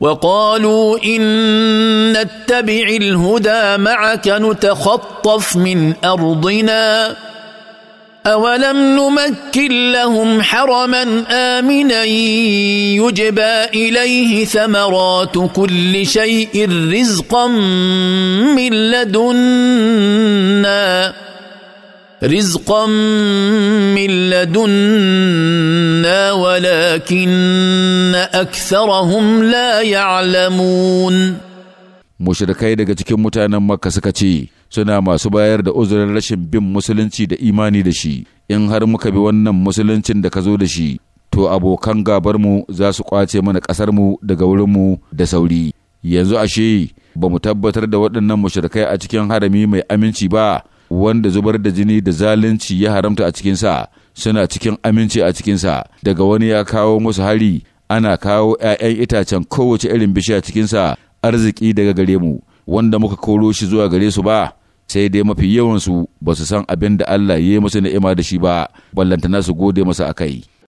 وقالوا ان نتبع الهدى معك نتخطف من ارضنا اولم نمكن لهم حرما امنا يجبى اليه ثمرات كل شيء رزقا من لدنا رزقا من لدنا ولكن أكثرهم لا يعلمون Mushirikai daga cikin mutanen makka suka ce suna masu bayar da uzurin rashin bin musulunci da imani da shi in har muka bi wannan musuluncin da ka zo da shi to abokan gabarmu za su kwace mana ƙasarmu daga wurinmu da sauri yanzu ashe ba mu tabbatar da waɗannan mushrikai a cikin harami mai aminci ba wanda zubar da jini da zalunci ya haramta a cikinsa suna cikin aminci a cikinsa daga wani ya kawo musu hari ana kawo ‘ya'yan itacen kowace irin bishiya cikinsa arziki daga gare mu wanda muka koro shi zuwa gare su ba sai dai mafi yawansu ba su san abin da Allah ya yi musu ni'ima da shi ba ballantana su gode masa akai.